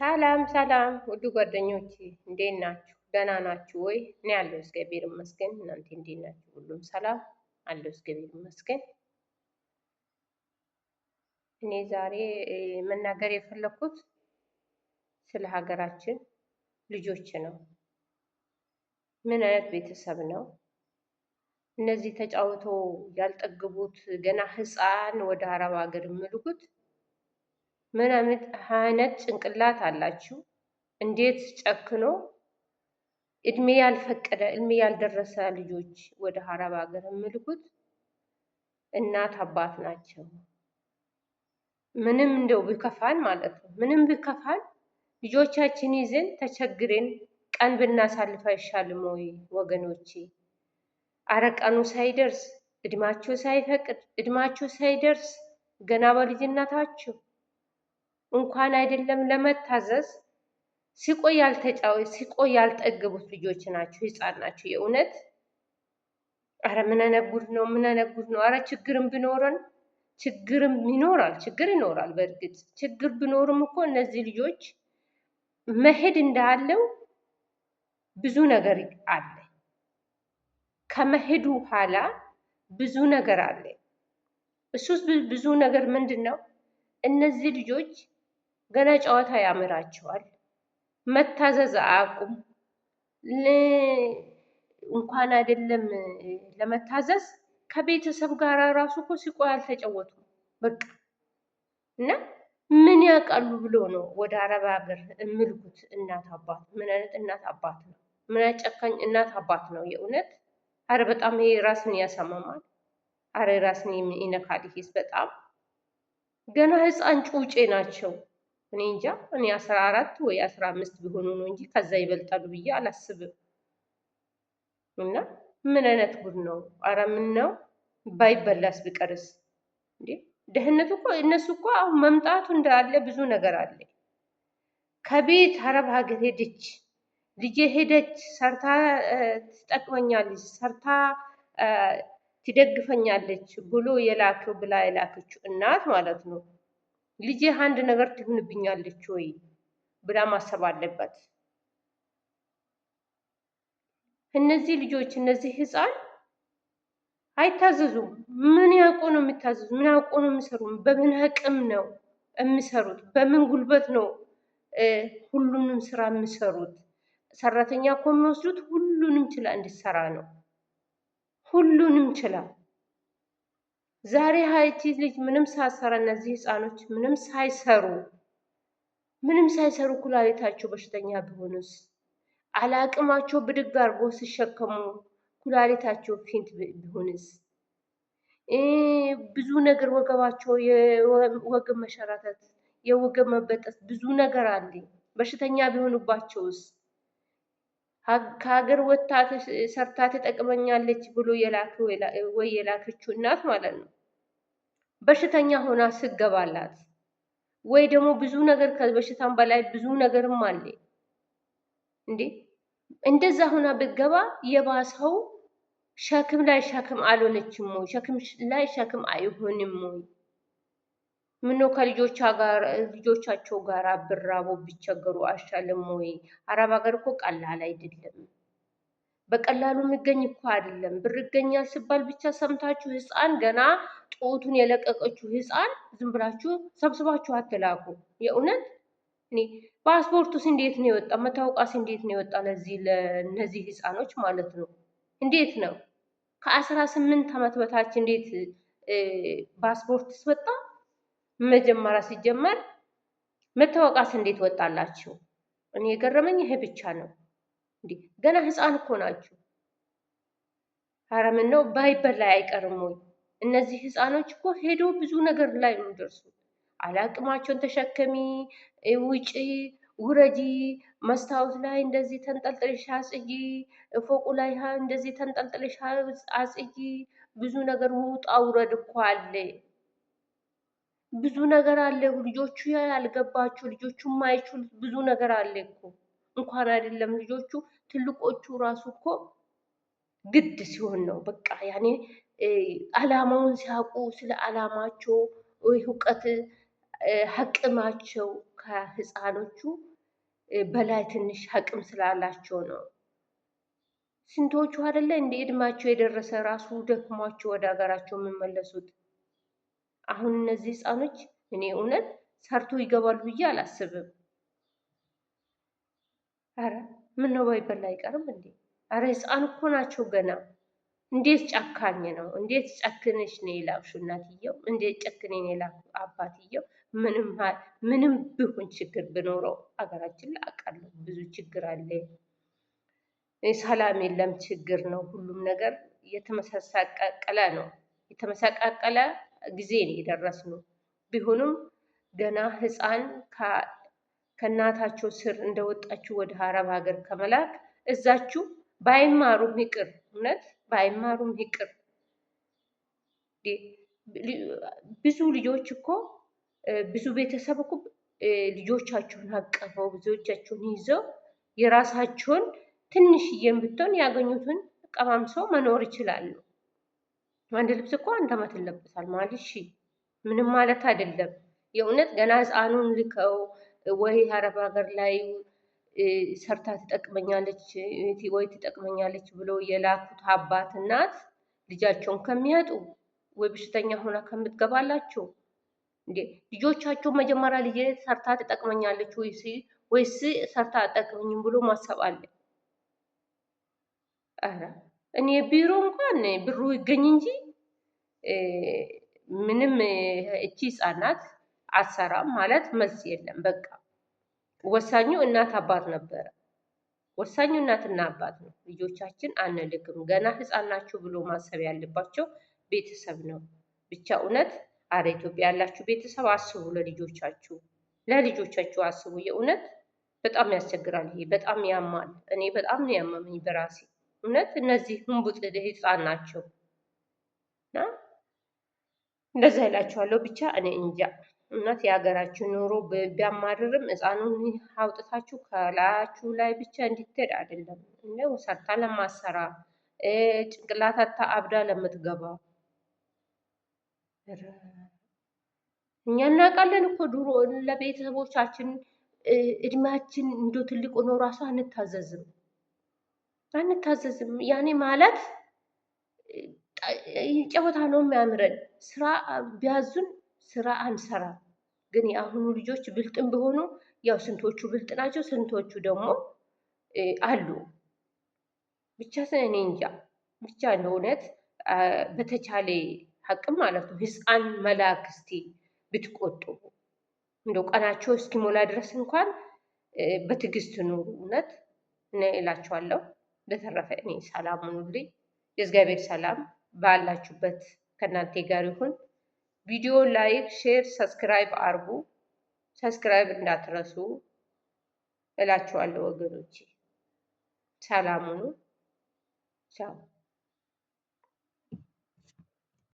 ሰላም ሰላም ውድ ጓደኞቼ እንዴት ናችሁ? ደህና ናችሁ ወይ? እኔ ያለው እግዚአብሔር ይመስገን። እናንተ እንዴት ናችሁ? ሁሉም ሰላም አለው እግዚአብሔር ይመስገን። እኔ ዛሬ መናገር የፈለኩት ስለ ሀገራችን ልጆች ነው። ምን አይነት ቤተሰብ ነው እነዚህ? ተጫውተው ያልጠግቡት ገና ህፃን ወደ አረብ ሀገር የሚልኩት ምን አይነት ጭንቅላት አላችሁ? እንዴት ጨክኖ እድሜ ያልፈቀደ እድሜ ያልደረሰ ልጆች ወደ ሀረብ ሀገር የሚልኩት እናት አባት ናቸው። ምንም እንደው ቢከፋን ማለት ነው፣ ምንም ቢከፋን ልጆቻችን ይዘን ተቸግረን ቀን ብናሳልፍ አይሻልም ወይ ወገኖቼ? አረቀኑ ሳይደርስ እድማችሁ ሳይፈቅድ እድማችሁ ሳይደርስ ገና በልጅነታችሁ እንኳን አይደለም ለመታዘዝ ሲቆይ ያልተጫወ ሲቆይ ያልጠገቡት ልጆች ናቸው፣ ህፃን ናቸው። የእውነት አረ ምንነጉድ ነው ምንነጉድ ነው። አረ ችግርም ቢኖረን ችግርም ይኖራል፣ ችግር ይኖራል። በእርግጥ ችግር ቢኖርም እኮ እነዚህ ልጆች መሄድ እንዳለው ብዙ ነገር አለ። ከመሄዱ ኋላ ብዙ ነገር አለ። እሱስ ብዙ ነገር ምንድን ነው? እነዚህ ልጆች ገና ጨዋታ ያምራቸዋል። መታዘዝ አያውቁም። እንኳን አይደለም ለመታዘዝ ከቤተሰብ ጋር ራሱ እኮ ሲቆይ አልተጫወቱም። በቃ እና ምን ያውቃሉ ብሎ ነው ወደ አረብ ሀገር የሚልኩት እናት አባት። ምን አይነት እናት አባት ነው? ምን አጨካኝ እናት አባት ነው? የእውነት አረ በጣም ይሄ ራስን ያሳምማል። አረ ራስን ይነካል። ይሄስ በጣም ገና ህፃን ጩጬ ናቸው። እኔ እንጃ እኔ አስራ አራት ወይ አስራ አምስት ቢሆኑ ነው እንጂ ከዛ ይበልጣሉ ብዬ አላስብም። እና ምን አይነት ጉድ ነው? አረ ምን ነው ባይበላስ ቢቀርስ እንዴ! ድህነቱ እኮ እነሱ እኮ አሁን መምጣቱ እንዳለ ብዙ ነገር አለ። ከቤት አረብ ሀገር ሄደች ልጄ ሄደች ሰርታ ትጠቅመኛለች፣ ሰርታ ትደግፈኛለች ብሎ የላከው ብላ የላከችው እናት ማለት ነው ልጄ አንድ ነገር ትሆንብኛለች ወይ ብላ ማሰብ አለበት። እነዚህ ልጆች እነዚህ ህፃን አይታዘዙም። ምን ያውቁ ነው የሚታዘዙ? ምን ያውቁ ነው የሚሰሩ? በምን አቅም ነው የሚሰሩት? በምን ጉልበት ነው ሁሉንም ስራ የሚሰሩት? ሰራተኛ እኮ የሚወስዱት ሁሉንም ችላ እንድትሰራ ነው። ሁሉንም ችላ ዛሬ ሀይቲ ልጅ ምንም ሳሰራ እነዚህ ህፃኖች ምንም ሳይሰሩ ምንም ሳይሰሩ ኩላሊታቸው በሽተኛ ቢሆኑስ አላቅማቸው ብድግ አድርጎ ሲሸከሙ ኩላሊታቸው ፊንት ቢሆንስ ብዙ ነገር ወገባቸው የወገብ መሸራተት የወገብ መበጠት ብዙ ነገር አለ። በሽተኛ ቢሆኑባቸውስ ከሀገር ወጥታ ሰርታ ትጠቅመኛለች ብሎ የላከው ወይ የላከችው እናት ማለት ነው በሽተኛ ሆና ስገባላት ወይ ደግሞ ብዙ ነገር ከበሽታም በላይ ብዙ ነገርም አለ እንዴ እንደዛ ሆና ብገባ የባሰው ሸክም ላይ ሸክም አልሆነችም ወይ ሸክም ላይ ሸክም አይሆንም ወይ ምነው ከልጆቻቸው ጋር ብራቦ ቢቸገሩ አሻልም ወይ? አረብ ሀገር እኮ ቀላል አይደለም። በቀላሉ የሚገኝ እኮ አይደለም። ብር ይገኛል ሲባል ብቻ ሰምታችሁ ህፃን ገና ጡቱን የለቀቀችው ህፃን ዝም ብላችሁ ሰብስባችሁ አትላኩ። የእውነት እኔ ፓስፖርቱስ እንዴት ነው የወጣ? መታወቃስ እንዴት ነው የወጣ? ለዚህ ለእነዚህ ህፃኖች ማለት ነው እንዴት ነው ከአስራ ስምንት ዓመት በታች እንዴት ፓስፖርትስ ወጣ? መጀመሪያ ሲጀመር መታወቃስ እንዴት ወጣላችሁ? እኔ የገረመኝ ይሄ ብቻ ነው። እንዴ ገና ህፃን እኮ ናችሁ። ኧረ ነው ነው ላይ አይቀርም ወይ? እነዚህ ህፃኖች እኮ ሄዶ ብዙ ነገር ላይ ነው ደርሱ። አላቅማቸውን ተሸከሚ፣ ውጪ፣ ውረጂ፣ መስታወት ላይ እንደዚህ ተንጠልጥለሽ አጽጂ፣ ፎቁ ላይ እንደዚህ ተንጠልጥለሽ አጽጂ። ብዙ ነገር ውጣ ውረድ እኮ አለ። ብዙ ነገር አለ። ልጆቹ ያልገባቸው ልጆቹ የማይችሉ ብዙ ነገር አለ እኮ እንኳን አይደለም ልጆቹ ትልቆቹ ራሱ እኮ ግድ ሲሆን ነው በቃ ያኔ አላማውን ሲያውቁ ስለ አላማቸው እውቀት ሀቅማቸው ከህፃኖቹ በላይ ትንሽ ሀቅም ስላላቸው ነው። ስንቶቹ አደለ እንደ እድማቸው የደረሰ ራሱ ደክሟቸው ወደ ሀገራቸው የሚመለሱት። አሁን እነዚህ ህፃኖች እኔ እውነት ሰርቶ ይገባሉ ብዬ አላስብም። አረ ምን ነው ባይበላ አይቀርም እንዴ? አረ ህፃን እኮ ናቸው ገና። እንዴት ጨካኝ ነው! እንዴት ጨክነሽ ነው የላክሽው እናትየው? እንዴት ጨክኔ ነው የላክሽው አባትየው? ምንም ምንም ብሆን ችግር ብኖረው አገራችን ላይ አውቃለሁ ብዙ ችግር አለ፣ ሰላም የለም፣ ችግር ነው። ሁሉም ነገር የተመሰሰቀቀለ ነው የተመሰቃቀለ ጊዜ የደረስነው ቢሆንም ገና ህፃን ከእናታቸው ስር እንደወጣችሁ ወደ አረብ ሀገር ከመላክ እዛችሁ ባይማሩም ይቅር እውነት ባይማሩም ይቅር። ብዙ ልጆች እኮ ብዙ ቤተሰብ እኮ ልጆቻቸውን አቀፈው ብዙዎቻቸውን ይዘው የራሳቸውን ትንሽዬም ብትሆን ያገኙትን ቀማምሰው መኖር ይችላሉ። አንድ ልብስ እኮ አንድ አመት ይለብሳል ማለት እሺ፣ ምንም ማለት አይደለም። የእውነት ገና ህፃኑን ልከው ወይ አረብ ሀገር ላይ ሰርታ ትጠቅመኛለች ወይ ትጠቅመኛለች ብሎ የላኩት አባት እናት ልጃቸውን ከሚያጡ ወይ በሽተኛ ሆና ከምትገባላቸው እንዴ ልጆቻቸው መጀመሪያ ልጅ ሰርታ ትጠቅመኛለች ወይስ ሰርታ አጠቅመኝም ብሎ ማሰብ አለ። እኔ ቢሮ እንኳን ብሩ ይገኝ እንጂ ምንም እቺ ህጻናት አሰራም ማለት መልስ የለም። በቃ ወሳኙ እናት አባት ነበረ። ወሳኙ እናትና አባት ነው። ልጆቻችን አንልክም ገና ህፃን ናችሁ ብሎ ማሰብ ያለባቸው ቤተሰብ ነው። ብቻ እውነት አረ ኢትዮጵያ ያላችሁ ቤተሰብ አስቡ፣ ለልጆቻችሁ ለልጆቻችሁ አስቡ። የእውነት በጣም ያስቸግራል። ይሄ በጣም ያማል። እኔ በጣም ነው ያመመኝ በራሴ እውነት እነዚህ ህንቡጥ ህፃን ናቸው እና እንደዛ ይላችኋለሁ። ብቻ እኔ እንጃ እውነት የሀገራችሁ ኑሮ ቢያማርርም ህፃኑን አውጥታችሁ ከላያችሁ ላይ ብቻ እንዲትሄድ አይደለም እ ሰርታ ለማሰራ ጭንቅላታታ አብዳ ለምትገባ እኛ እናውቃለን እኮ ድሮ ለቤተሰቦቻችን እድሜያችን እንዶ ትልቁ ኖ ራሱ አንታዘዝም። አንታዘዝም። ያኔ ማለት ጨዋታ ነው የሚያምረን። ስራ ቢያዙን ስራ አንሰራ። ግን የአሁኑ ልጆች ብልጥም ቢሆኑ ያው ስንቶቹ ብልጥ ናቸው፣ ስንቶቹ ደግሞ አሉ። ብቻ እኔ እንጃ ብቻ እንደ እውነት በተቻለ ሀቅም ማለት ነው ህፃን መላክ እስቲ ብትቆጥቡ እንደው ቀናቸው እስኪሞላ ድረስ እንኳን በትዕግስት ኑሩ። እውነት እኔ እላቸዋለሁ። በተረፈ እኔ ሰላም ሁኑልኝ። የእግዚአብሔር ሰላም ባላችሁበት ከእናንተ ጋር ይሁን። ቪዲዮ ላይክ፣ ሼር፣ ሰብስክራይብ አርጉ። ሰብስክራይብ እንዳትረሱ እላችኋለሁ ወገኖቼ። ሰላም ሁኑ። ቻው